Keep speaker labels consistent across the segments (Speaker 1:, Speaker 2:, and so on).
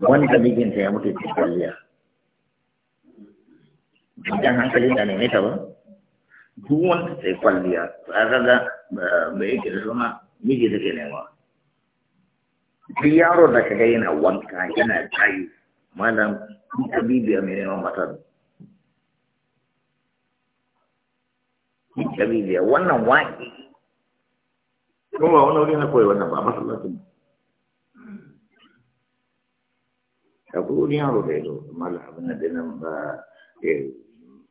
Speaker 1: wanda mijinta ya mutu cikin kwalliya idan hankali da neme ta ba duk wanda ta yi kwalliya tsara da eh, mai yake da suna miji ke nema duk yaro da kaga yana wanka yana tayi malam ita bibiya mai neman matar ita bibiya wannan waƙi kuma wani wuri na koyi wannan ba masallacin akwai wani yaro da ya zo malam abin da dinan ba eh,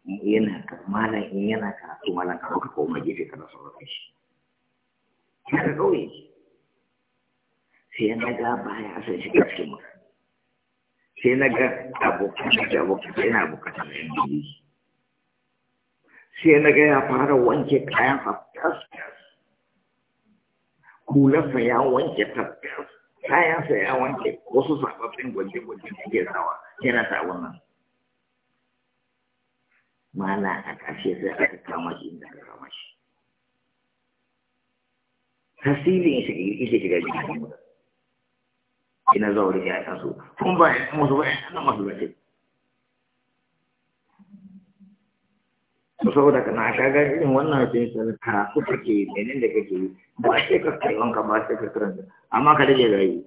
Speaker 1: yana malam in yana karatu malam ka ka koma gefe kana sarrafa shi yana kauye sai na ga baya san shi kafin mu sai na ga abokan da abokan sai na abokan da yan biyu sai na ga ya fara wanke kayan haftas kulansa ya wanke tafiya sa ya wanke wasu sababbin gwaje-gwaje ke sawa, yana ta wannan mana a ƙarshe sai aka kama shi inda aka kama shi tasirin ita shiga jikin ina zaure ya taso kun ba ya masu ba ya masu ba saboda ka na sha ga irin wannan ka ku take menene da kake yi ba sai ka kallon ka ba sai ka karanta amma ka rage gari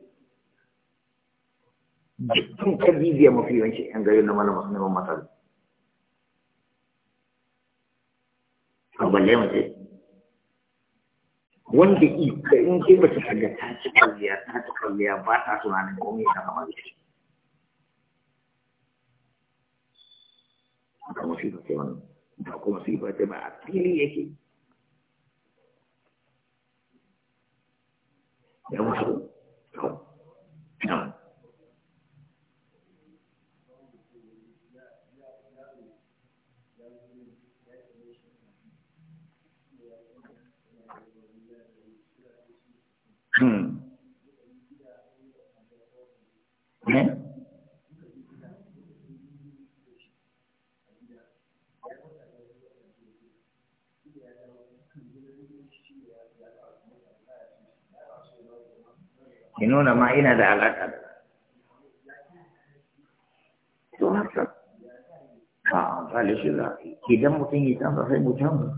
Speaker 1: dukkan ka bibiya mafi yawanci yan gari na malama neman matsala a balle mace wanda ika in ke ta kaga ta ci kalliya ta ci kalliya ba ta tunanin komai ta kama da shi kamar shi ta ce wannan ba kuma sifa ba a fili yake ya mutu Hmm. Yeah. Hmm. ya nuna ma ina da alaƙa da to haka a tsali shi za idan mutum ya canza sai mu canza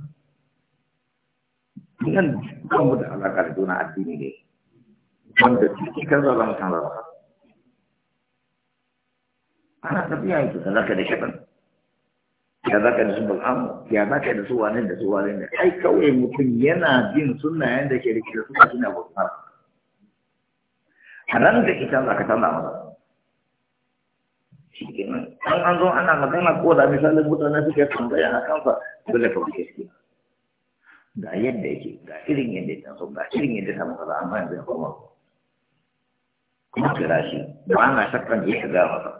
Speaker 1: idan kan da alaƙa da juna addini ne wanda ciki kan zaza mu ba ana tafiya yake da zaka da shaɗan ya za zaka da su bal'amu ya za zaka da su wane da su wane ne ai kawai mutum yana jin sunayen yadda ke da ke da suna suna bukara nan da ita za ka tana masa shi kenan an an zo ana magana ko da misalin mutane suke tambaya a kansa dole ka wuce shi ga yadda yake ga irin yadda yake so ga irin yadda ta masa amma yanzu ya koma kuma kira shi ba na shakkan ya shiga masa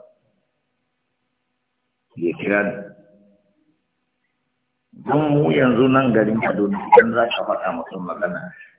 Speaker 1: ya kira ni don mu yanzu nan garin kaduna idan za ka faɗa mutum magana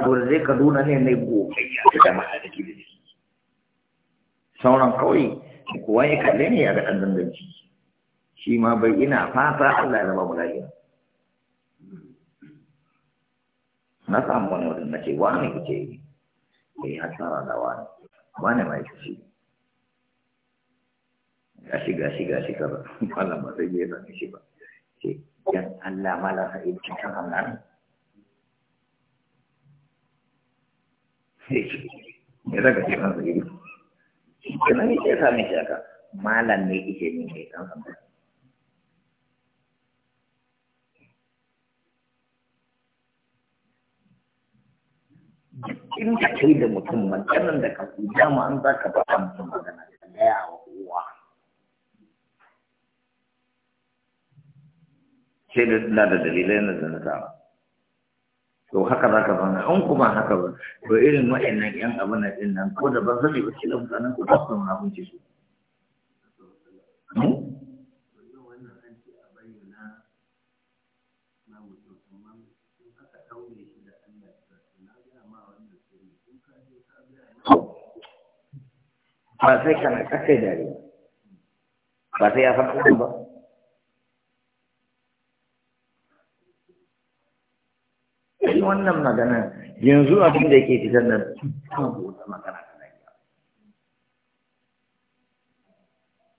Speaker 1: saboda zai kaduna ne na gogayya da jama'a da ke da jiki sauran kawai kowa ya kalle ne ya ga ɗan shi ma bai ina fata Allah ya raba lafiya na samu wani wajen na ce wani kuke yi bai eh, hasara da wani wani mai kashi gashi gashi gashi kaza Allah ba zai yi zan shi ba ce yan Allah malar sa'id cikin hannun me za ka ce kan zagiri kina ne ke sami shi aka malam ne ike ne mai kan sanda in ka kai da mutum maganar da ka fi dama an za ka ba a mutum magana da gaya wa kowa sai da dalilai na zanatawa to haka za ka fana an kuma haka ba to irin wa'annan yan abin din nan ko da ba sani ba kila mutanen ku ba su na hunce su hmm? ba sai kana kakai dare ba sai ya san ba kai wannan magana yanzu abin da yake fitar da wata magana ta lafiya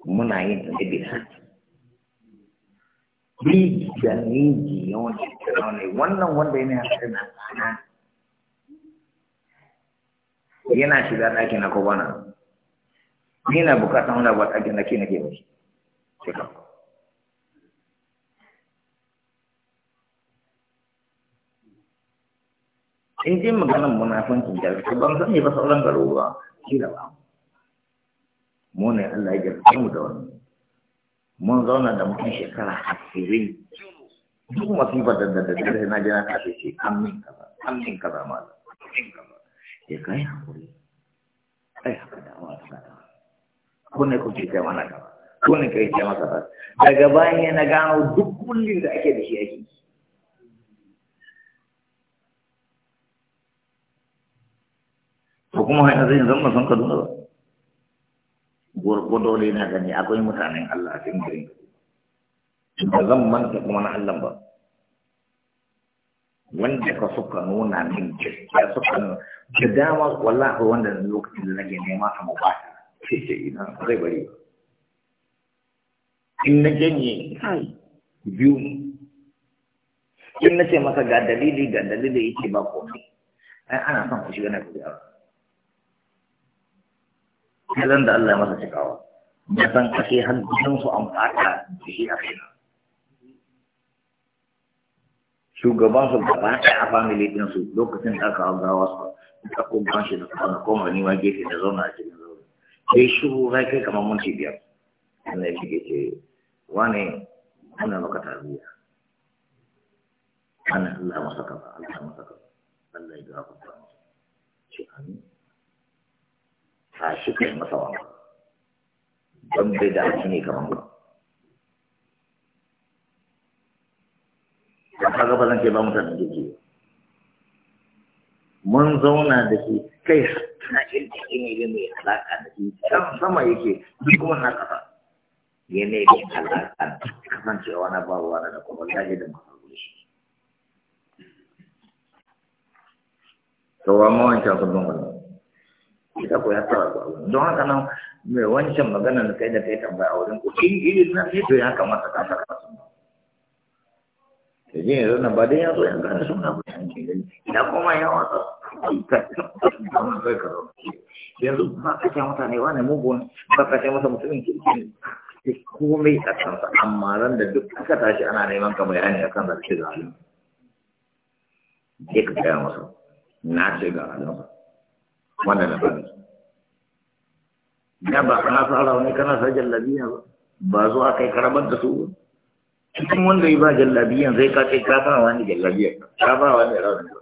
Speaker 1: muna yin ta da bi da miji yawanci ne wannan wanda yana hasa na tsana yana shiga ɗakin na kobana ni na bukatan wani abu ɗakin da ke shi mashi sai Ini makanya maganan tinggal. jarfi ban sani ba sauran garuruwa kila ba Allah ya kamu mu Mune wani mun zauna da mutum shekara ashirin duk masifar da dada dada dada jira ta ce an min kata an min kaza ya kai hakuri kai haka da wa ta ko ne kuke mana kata. ko ne cerita mana kata. daga bayan na gano duk kullum da ake da shi to kuma har yanzu yanzu ban san Kaduna ba gurgudo dole na gani akwai mutanen Allah a cikin garin ba zan manta kuma na Allah ba wanda ka suka nuna min gaskiya suka nuna da dama wallahi wanda lokacin da nake nema a ba sai ce ina zai bari ba in na janye kai biyu in na ce masa ga dalili ga dalili yake ba komai ai ana son ku shiga na kuɗi a kiran da Allah masa cikawa ba san kashe hannun su an fata da shi a kai shugaban su gaba ɗaya a family din su lokacin da aka gawa su da ko ban shi da kwana koma ni ma gefe da zauna a cikin zauna sai shuru kai kai kamar mun ci biyar Allah ya ce wane ana maka tarbiyya ana Allah masa kafa Allah masa kafa Allah ya gafarta masa ce amin tashi kai masa wanka don bai da haƙi ne kamar ba da kaga ba zan ce ba mutanen jirgi mun zauna da shi kai na ilmi ne mai alaƙa da shi can sama yake duk kuma na ƙasa ya ne da alaƙa kasancewa na babuwa da kuma lahi da masu shi to amma wancan sun ban wannan kita koya tara ba don haka nan mai wancan magana da kai da kai tambaya a wurin kuɗi irin na ne to ya kamata ka saka su da jin yanzu nan ba dai ya zo yanzu ana suna ba yanzu idan kuma ya wata kamar kai karo yanzu ba ka ce mutane wa ne mugun ba ka ce masa mutumin kirki ne komai a kansa amma ran da duk aka tashi ana neman ka bayani a kan zarce zalim je ka gaya masa na ce ga alamsa wannan na bani ya ba kana sa wani kana sa jallabiya ba ba zuwa kai karabar da su ba cikin wanda ya ba jallabiyan zai ka ce ka ba wani jallabiya. ka ba wani rauni ba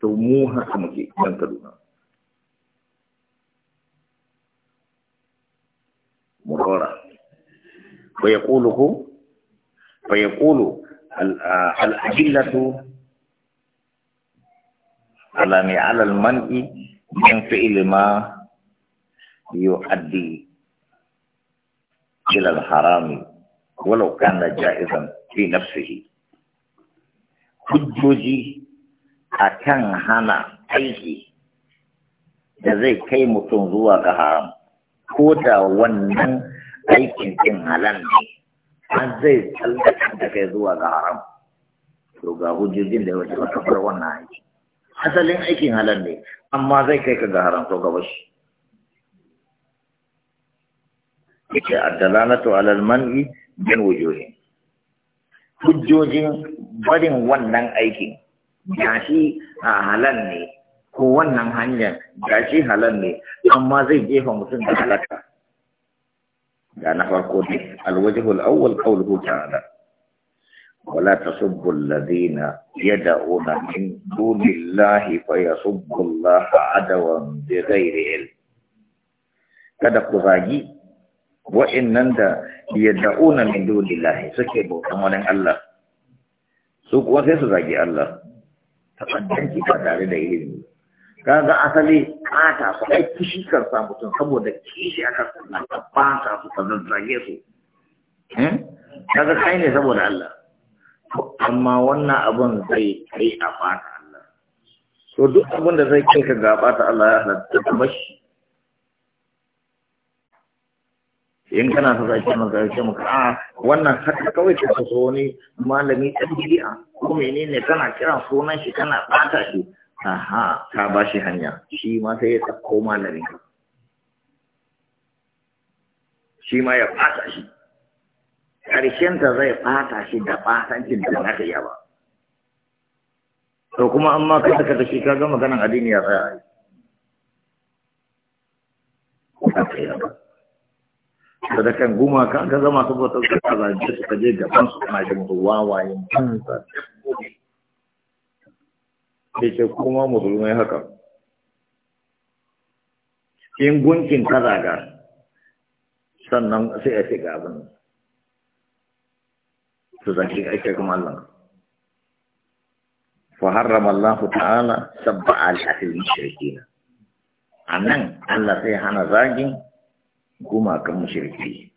Speaker 1: to mu haka muke dan kaduna murora fa yaqulu fa yaqulu al adillatu alami alal man'i min fi'il ma yu'addi ila al-haram walau kana ja'izan fi nafsihi hujjoji akan hana aiki da zai kai mutum zuwa ga haram ko da wannan aikin cin halal ne an zai tsallaka da kai zuwa ga haram to ga hujjojin da ya wata wannan aiki asalin aikin halal ne amma zai kai ka ga haram ko gaba shi yake addalalatu alal man'i bin wujuhin hujjojin barin wannan aikin shi a halal ne ko wannan hanyar shi halal ne amma zai jefa mutum da halaka ga na farko ne alwajihul awwal qawluhu ta'ala ولا تصب الذين يدعون من دون الله فيصب الله عدوا بغير علم kada ku zagi wa'annan da da'una min dunillahi suke bautan wani Allah su kuma sai su zagi Allah ki ba tare da ilimi kaga asali kata su ai kishi kan sa mutum saboda kishi aka sanna ba ta su zagi su hmm? kaga kai ne saboda Allah amma wannan abun zai kai a fata Allah to duk abin da zai kai ka ga fata Allah ya halatta ta bashi in kana so za ce maka ce maka a ah, wannan haka kawai ka so wani malami ɗan Kuma ko menene kana kira sunan shi kana fata shi aha ka ba shi hanya shi ma sai ya tsakko malami. shi ma ya fata shi ƙarshen ta zai ɓata shi da ɓatancin da na ka yawa. to kuma amma ma ka da shi ka gama ganin addini ya tsaya ba ka ba sadakan gumaka ka zama su bautar da kazanje su kaje gaban su kana jin wawayen kansa sai ce kuma musulmai haka in gunkin zaga sannan sai a shiga abin to zaki aike kuma Allah fa harrama Allah ta'ala sabba al ahli mushrikin anan Allah sai hana zagin kuma kan mushriki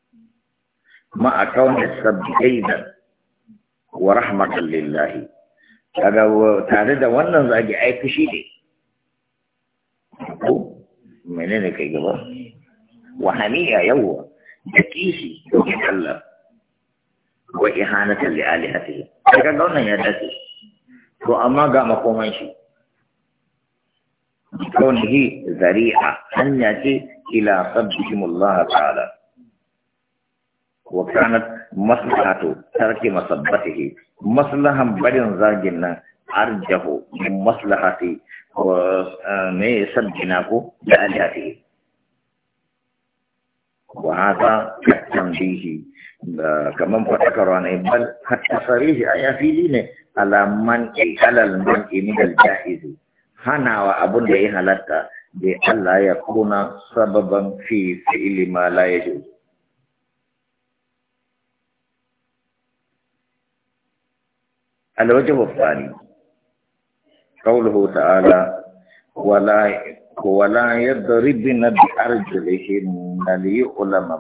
Speaker 1: ma akawun sabbi aidan wa rahmatan lillahi kaga tare da wannan zagi ai fushi ne ko menene kai gaba hamiya yawa da kishi da Allah wa ihanatan li alihatihi sai ka wannan ya dace to amma ga makoman shi hi zari'a hanya ce ila sabbihim Allah ta'ala wa kanat maslahatu tarki masabbatihi maslahan barin zagin nan arjahu min maslahati ne eh, sabbina ko da alihatihi wa hada tanbihi kamar fadakarwa ne bal hatta sarihi a ya fili ne alaman alal man iminal ja'izi hanawa abun da ya halatta da Allah ya kuna sababan fi fi'ili ma la yajuz الوجه الثاني قوله تعالى ولا ولا يضربن ma ليعلم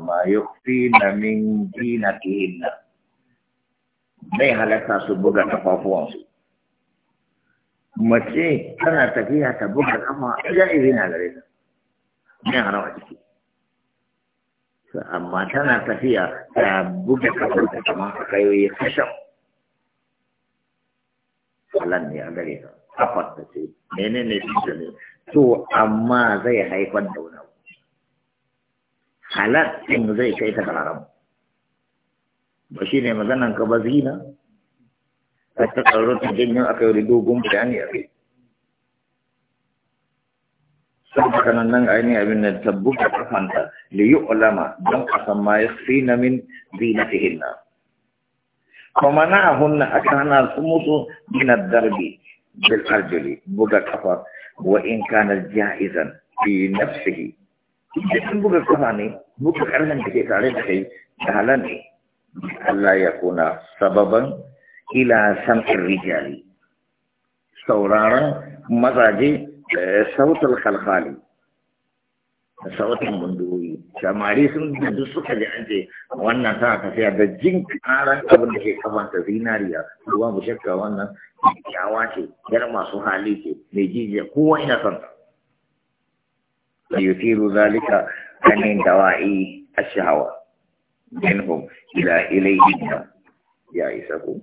Speaker 1: ما min, من زينتهن bai halatta su buga kafafuwansu mace tana tafiya ta buga kafa ya izina gare ta mai harawa jiki amma tana tafiya ta buga kafar ta kama a kayoyi kashan halan ne a gare ta kafar ta ce menene ne to amma zai haifar da wani abu zai kai ta haram ba shi ne maganan ka ba zina a ta tsaro ta aka yi dogon bayani a sun haka nan nan ainihin abin da tabbuka kafanta da yi ulama don a san ma ya fi na min na kuma na hunna aka hana su musu minar darbi بالأرجل بقى كفر وإن كان جائزا في نفسه لكن بقى كفاني بقى كرهن تكي تعرف شيء ألا يكون سببا إلى سمع الرجال سورارا مزاجي آه، صوت الخلخالي da sautin munduwoyi samari sun da duk suka ji an ce wannan tana tafiya da jin karan abin da ke kafanta zinariya Kuma bu shakka wannan kyawa ce yar masu hali ce mai jijiya kowa ina son ta yusiru zalika kanin dawa'i ash-shahawa minhum ila ilayhi ya isa ku